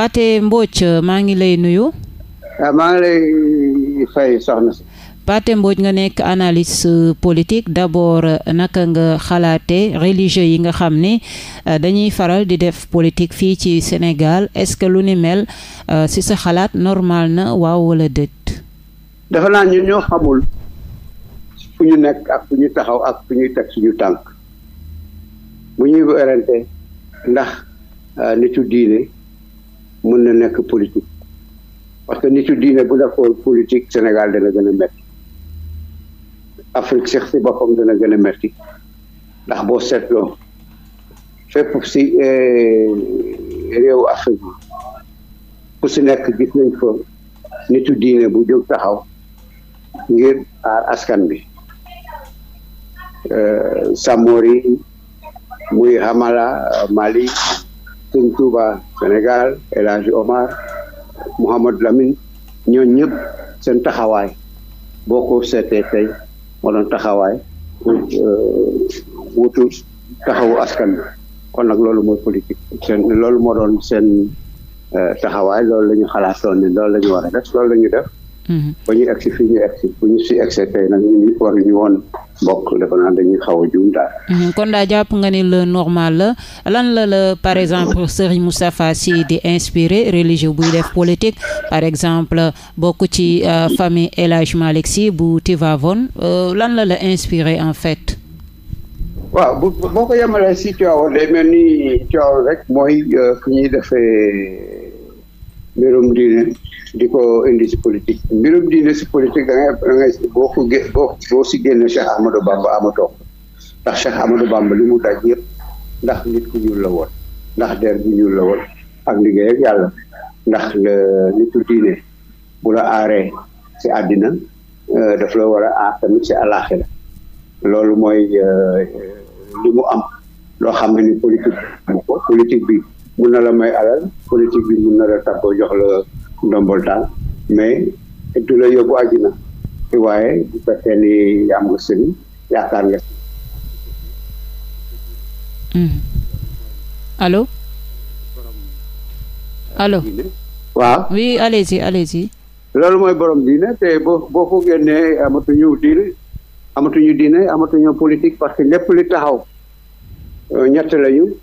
Pathé Mbodj maa ngi lay nuyu. Ah, maa ngi lay fay soxna si. Pathé Mbodj nga nekk analyste politique d'abord naka nga xalaate religieux yi nga xam ne ah, dañuy faral di def politique fii ci Sénégal est-ce que lu ni mel ci ah, sa xalaat normal na waaw wala déet. dafa naa ñun ñoo xamul fu ñu nekk ak fu ñu taxaw ak fu ñuy teg suñu tànk bu ñuy werante ndax nitu diine. mën na nekk politique parce que nitu diine bu defoon politique Sénégal dana gën a metti Afrique si boppam dana gën metti ndax boo seetloo fépp si eh, réew Afrique bi ku si nekk gis nañ fa nitu diine bu jóg taxaw ngir aar askan bi eh, Samori muy Hamala Mali Sëñ Touba Sénégal El Omar Mouhamadou Lamine ñooñ ñëpp seen taxawaay boo ko seetee tey moo doon taxawaay euh, wutu taxawu askan bi kon nag loolu mooy politique seen loolu moo doon seen euh, taxawaay loolu lañu xalaat xalaatoon ni loolu la ñu war a def loolu la ñu def Mhm. ba ñu egsi fii nag ñu ñu woon bokk defe dañuy xaw a mhm. kon daa jàpp nga ne la normal la lan la la par exemple Serigne Moustapha Sy di inspiré religieux buy def politique par exemple bokk ci euh, famille El Hadj Malick Sy bu Tivaouane euh, lan la la inspiré en fait. waaw bu boo si Tivaouane day mel ni rek mooy euh, fu ñuy defee. mbirum diine di indi si politique mbirum diine si politique da ngay boo si génne Cheikh Amadou Bamba amatoo ndax Cheikh Amadou Bamba li mu daj yëpp ndax nit ku ñuul la woon ndax der bu ñuul la woon ak liggéey ak yàlla ndax le nitu diine aaree si àddina euh, daf la war a aar tamit si àllaaxira loolu mooy euh, li am loo xam ne ni politique bi mun na la may alal politique bi mun na la tàggoo jox la ndombol daal mais du la yóbbu àjjana waaye bu fekkee ni am nga sëriñ yaakaar nga allo hmm. allo waaw oui allez-y loolu mooy borom diine te boo boo ko génnee amatuñu diine amatuñu diine amatuñu politique parce que lépp li taxaw ñett lañu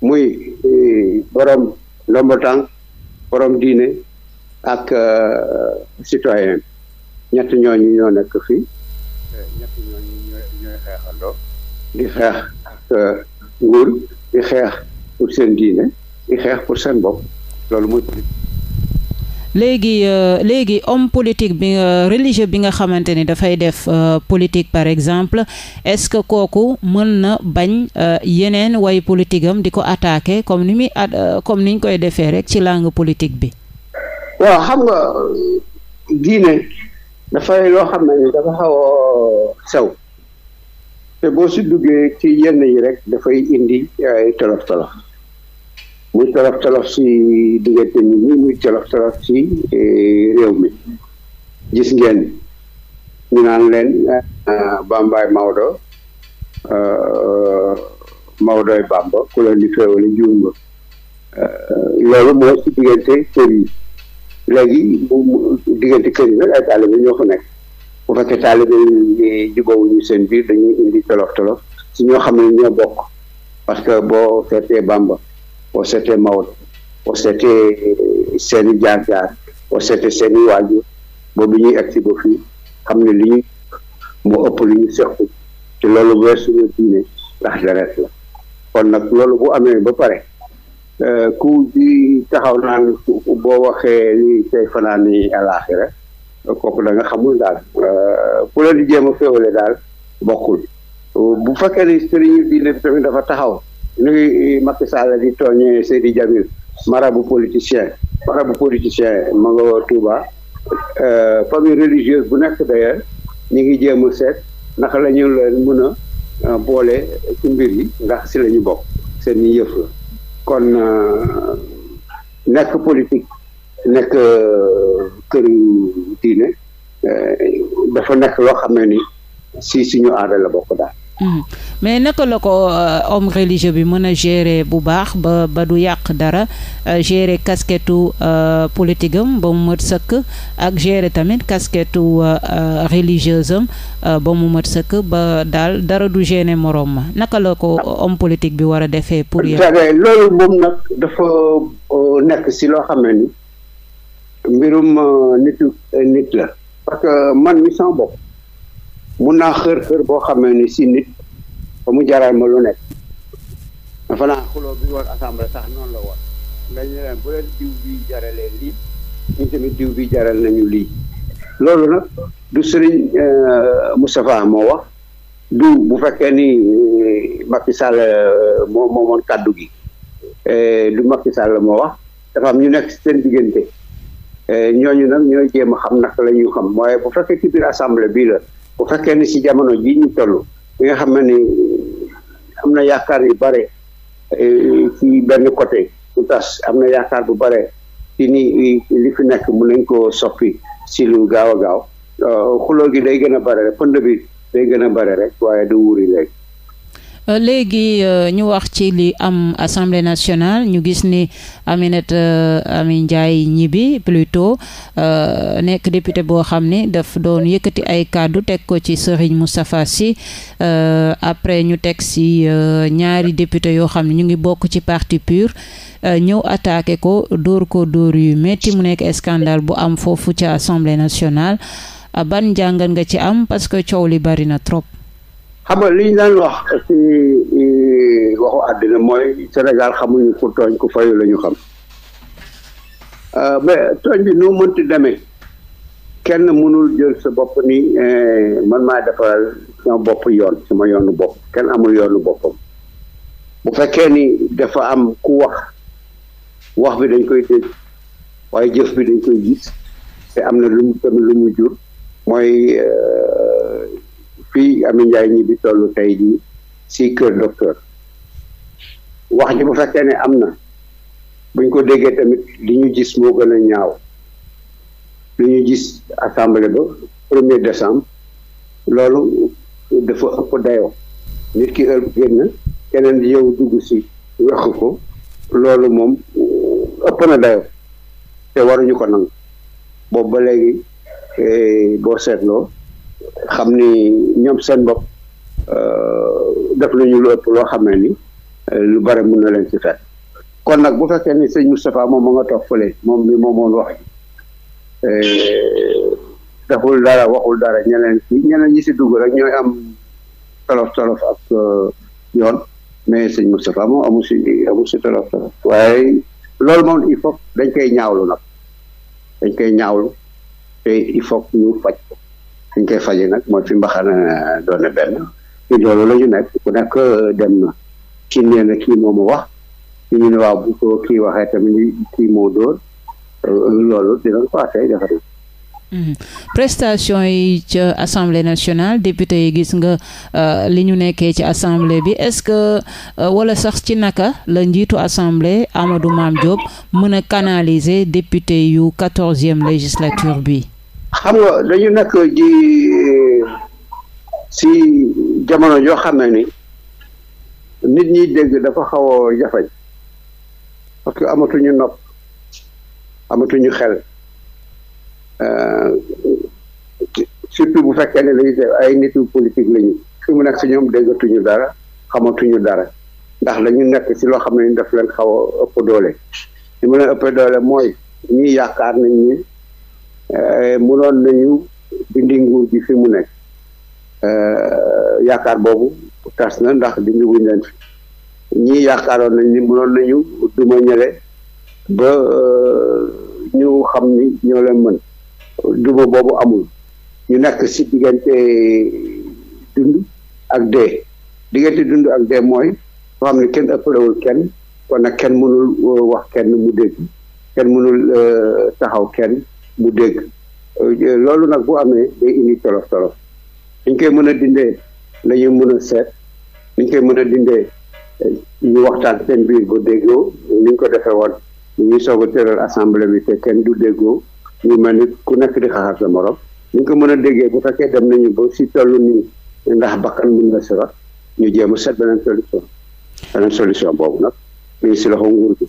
muy eh, borom ndombo tànk borom diine ak euh, citoyen ñett ñooñu ñoo nekk fii ñett ñooñu ñooy ñooy xeexandoo xeex ak euh, nguur di xeex pour seen diine di xeex pour seen bopp loolu mooy politique léegi euh, léegi homme politique bi religieux bi nga xamante ni dafay def euh, politique par exemple est-ce que kooku mën na bañ euh, yeneen way politique am di ko attaquer comme ni muy at comme niñ koy defee rek ci langue politique bi. waaw xam nga diine dafay loo xam ne dafa xaw sew te boo si duggee ci yenn yi rek dafay indi ay tolof tolof. muy tolof tolof si diggante nit ñi muy tolof tolof si eh, réew mi gis ngeen ñu naan leen ah, Bambaay Maodo ah, Maodoy Bamba ku la di féewale juum nga eh, loolu mooy si diggante kër yi léegi bu diggante kër yi nag ay taalibe ñoo fa nekk bu fekkee taalibe yi jubawuñu seen biir dañuy indi tolof tolof si ñoo xam ne ñoo bokk parce que boo seetee Bamba wasete Maodo wasete seeni jaar-jaar wasete seeni waajur ba bi ñuy agsi ba fii xam ne li ñu moo ëpp li ñu sequ te loolu weesu na diine ndax deret la kon nag loolu bu amee ba pare e, ku di taxaw naan boo waxee ni tey fanaan ni àlaaxira kooku da nga xamul daal e, ku la di jéem a féewale daal bokkul bu fekkee ni sëriñu diine bi tamit dafa taxaw luy Macky Sall di tooñee mara bu marabu politicien bu politicien ma nga woo Touba euh, famille religieuse bu nekk d'ailleurs ñu ngi jéem a seet ndax la ñu leen mën a euh, boole ci mbir yi ndax si lañu bokk seen i yëf la kon euh, nekk politique nekk këru diine dafa nekk loo xam ne ni si suñu aada la bokk daal. Mm. mais naka la ko euh, homme religieux bi mën a gérer bu baax ba ba du yàq dara euh, gérer casquettu euh, politique am ba mu mët sëkk ak gérer tamit casquettu religieuse ba mu mët sëkk ba daal dara du gêner moroom ma naka la ko homme politique bi war a defee pour yow loolu moom nag dafa nekk si loo xam ne ni mbirum nit la parce man mi sama bopp mun naa xër xër boo xamee ni si nit ba mu jaral ma lu nekk dafa naa xuloo bi woon assemblée sax noonu la woon dañu leen bu leen diw bi jaralee lii ñu tamit diw bi jaral nañu lii loolu nag du Serigne euh, Moustapha moo wax du bu fekkee ni euh, makki Sall euh, moo moomoon kàddu gi du Macky Sall moo wax dafa am ñu nekk seen diggante ñooñu nag ñoo jéem a xam naka la ñu xam waaye bu fekkee ci biir assemblée bii la bu fekkee ni si jamono ji ñu toll bi nga xam ne ni am na yaakaar yu bare eh, ci benn côté mu tas am na yaakaar bu bare ci ni li fi nekk mën nañ koo soppi si lu gaaw a gaaw euh, xuloo gi day gën a bare rek pënd bi day gën a bare rek waaye du wuuri léegi léegi euh, ñu wax ci li am assemblée nationale ñu gis ni Aminata euh, Amy Ndiaye Gniby plutôt euh, nekk député boo xam ni daf doon yëkkati ay kàddu teg ko ci Serigne Moustapha Sy après ñu teg si ñaari député yoo xam ne ñu ngi bokk ci parti PUR ñëw attaqué ko dóor ko dóor yu métti mu nekk scandale bu am foofu ci assemblée nationale ban jàngat nga ci am parce que coow li bari na trop. xam nga li ñu daan wax ci waxu àddina mooy Sénégal xamuñu ku tooñ ku fayu la xam euh, tooñ bi nu mënti demee kenn mënul jël sa bopp ni eh, man maa defaral sama bopp yoon sama yoonu bopp kenn amul yoonu boppam bu fekkee ni dafa am ku wax wax bi dañ koy dégg waaye jëf bi dañ koy gis te am na lu mu jur mooy euh, fii Amy Ndiaye ñi bi toll tey jii si kër docteur wax ji bu fekkee ne am na buñ ko déggee tamit li ñu gis moo gën a ñaaw li ñu gis assemblée ba premier décembre loolu dafa ëpp dayoo nit ki ëpp génn keneen yow dugg si wax ko loolu moom ëpp na dayoo te waruñu ko nangu boobu ba léegi eh, boo seetloo xam ni ñoom seen bopp euh, def nañu lu ëpp loo xam ne ni euh, lu bare mun na leen ci fekk kon nag bu fekkee ni sëñ Moustapha moom ma nga toog fële moom mi moom moon wax ji euh, deful dara waxul dara ñeneen ñeneen ñi si dugg rek ñooy am tolof tolof ak yoon mais sëñ Moustapha moom amu si amu si tolof tolof waaye loolu moom il faut dañ koy ñaawlu nag dañ koy ñaawlu te il faut ñu faj fi nag mooy fi mbaxana doone benn ci mhm. prestation yi ca assemblée nationale député yi gis nga euh, li ñu nekkee ci assemblée bi est-ce que euh, wala sax ci naka la njiitu assemblée Amadou Mame Diop mën a canaliser député yu quatorzième législature bi xam nga dañu nekk di si jamono joo xam ne ni nit ñi dégg dafa xaw a jafañ parce que amatuñu nopp amatuñu xel euh, surtout bu fekkee ne dañuy def ay nitu politique lañu fi mu nekk si ñoom déggatuñu dara xamatuñu dara ndax dañu nekk si loo xam ne daf leen xaw a ëpp doole li mu leen ëpp doole mooy ñuy yaakaar nañ ni Eh, mënoon nañu dindi nguur gi fi mu nekk eh, yaakaar boobu tas na ndax dindi wuñ leen fi ñii yaakaaroon nañ ni mënoon nañu duma ñële ba eh, ñu xam ni ñoo leen mën duma boobu amul ñu nekk ci diggante dund ak dee diggante dund ak dee mooy foo xam ne kenn ëppalewul kenn kon nag kenn mënul wax kenn mu dégg kenn mënul taxaw kenn bu dégg euh, loolu nag bu amee day indi tolof tolof dañ koy mën a dindee lañu mën a seet dañ koy mën a dindee eh, ñu waxtaan seen biir ba déggoo nuñ ko defee woon ñu soog a tëral assemblée bi te kenn du déggoo ñu mel ni ku nekk di xaxar sa morom ñu ko mën a déggee bu fekkee dem nañu ba si toll nii ndax bakkan mun nga si wax ñu jéem a seet beneen solution beneen solution boobu nag nguur gi.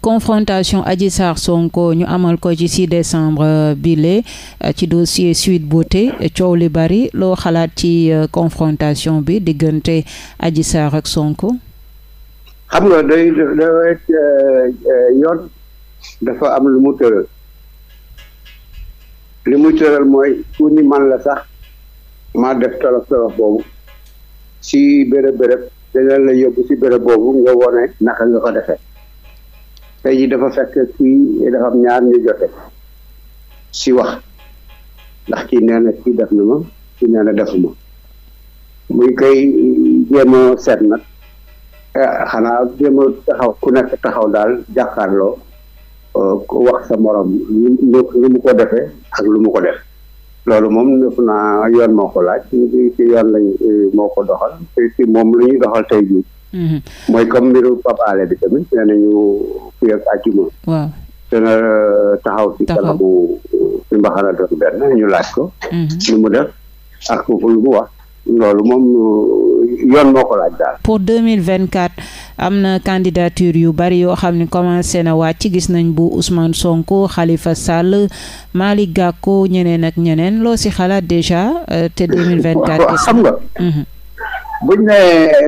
confrontation Adji Sarr Sonko ñu amal ko ci 6 décembre euh, bile euh, ci dossier Sweet Beauté euh, coow li bari loo xalaat ci confrontation bi diggante aji Sarr ak Sonko. xam nga day day yoon dafa am lu mu tëral li mu tëral mooy ku ni man la sax maa def tolof tolof boobu si bërëb bërëb danañ la yóbbu si bërëb boobu nga wone naka nga ko defee. tey jii dafa fekk kii dafa ñaar ñu jote si wax ndax kii nee na kii def na ma kii nee na ma muy koy jéem seet nag eh, xanaa jéem a taxaw ku nekk taxaw daal jàkkaarloo eh, wax sa morom lu mu ko defee ak lu mu ko def loolu moom def naa yoon moo ko laaj ci yoon lañ eh, ko doxal moom lu ñuy doxal tey jii Mhm. mooy comme mbiru Pape bi tamit nee nañu fii ak àjjuma. waaw dana euh, taxaw ci kanamu fi euh, mbaxana doon benn ñu laaj ko. Mhm. lu mu def ak foofu lu mu wax. loolu moom euh, yoon moo ko laaj daal. pour deux mille vingt quatre am na candidature yu bari yoo xam ne commencé na wàcc gis nañ bu Ousmane Sonko xalifa Sall Malick Gakou ñeneen ak ñeneen loo si xalaat déjà te deux mille vingt quatre. xam nga. Mhm. buñ ne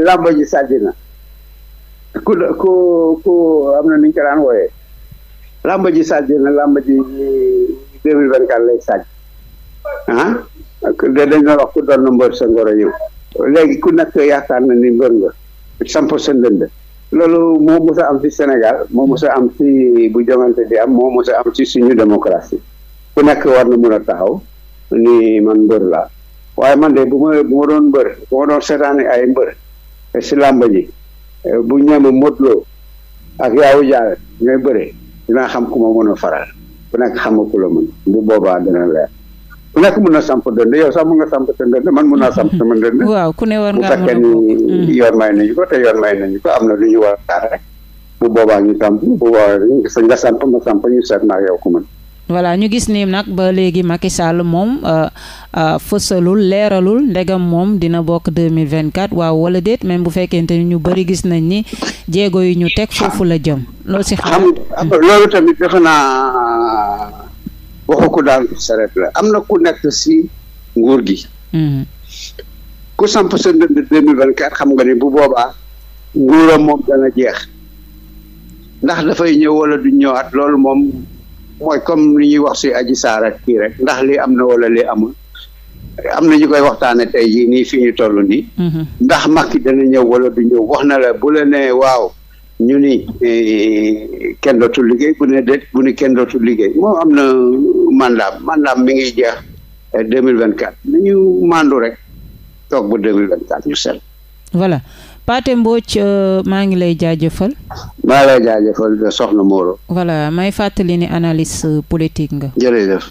làmba ji sàjj na ku ku ku am na nuñ ko daan wooyee làmba ji sàjj na làmba ji deux mille vingt quatre lay sàjj ah da dañ doon wax ku doon na mbër sa ngoro ñëw léegi ku nekk yaakaar na ni mbër nga samp sa ndënd loolu moo mos am ci Sénégal moo mos am ci bu jongante di am moo mos a am ci suñu démocratie ku nekk war na mën a taxaw ni man mbër laa waaye man de bu ma bu ma doon mbër bu ma doon seetaani ay mbër si làmba ji eh, bu ñëwee Modou Lo ak yaawu jaare ñooy bëre dinaa xam ku ma mën a faral ku nekk xam nga ku la mën bu boobaa dina leer ku nekk mën na samp dënd yow sax mën nga samp sa dënd man mën naa samp sama dënd. waaw ku ne war ngaa mën a bu fekkee ni mm. yoon may am na lu ñu war bu boobaa ñu samp bu boobaa nga samp ma samp ñu seet naa yow ku mën. voilà ñu gis ni nag ba léegi Macky Sall moom euh, euh, fësalul leeralul ndegam moom dina bokk 2024 waaw wala déet même bu fekkente ni ñu bari gis nañ ni jéego yu ñu teg foofu la jëm loolu si xam loolu tamit defe waxu ko daal saret la am na ku nekk si nguur gi hmm. ku samp ndënd 2024 xam nga ni bu boobaa nguuram moom dana jeex ndax dafay ñëw wala du ñëwaat loolu moom mooy comme li ñuy wax si aji saara ak kii rek ndax li am na wala li amul am na ñu koy waxtaane tey jii nii fi ñu toll nii. Mhm. ndax Macky dana ñëw wala du ñëw wax na la bu la waaw ñu ni eh, kenn dootul liggéey bu ne déet bu ne kenn dootul liggéey moom am na mandaam mandaam mi ngi jeex eh, deux mille vingt quatre nañu mandu rek toog ba deux mille vingt quatre ñu sell voilà. Pathé Mbodj euh, maa ngi lay jaajëfal. maa lay jaajëfal soxna Moreau. voilà may fàttali ni analyste politique nga. jërëjëf.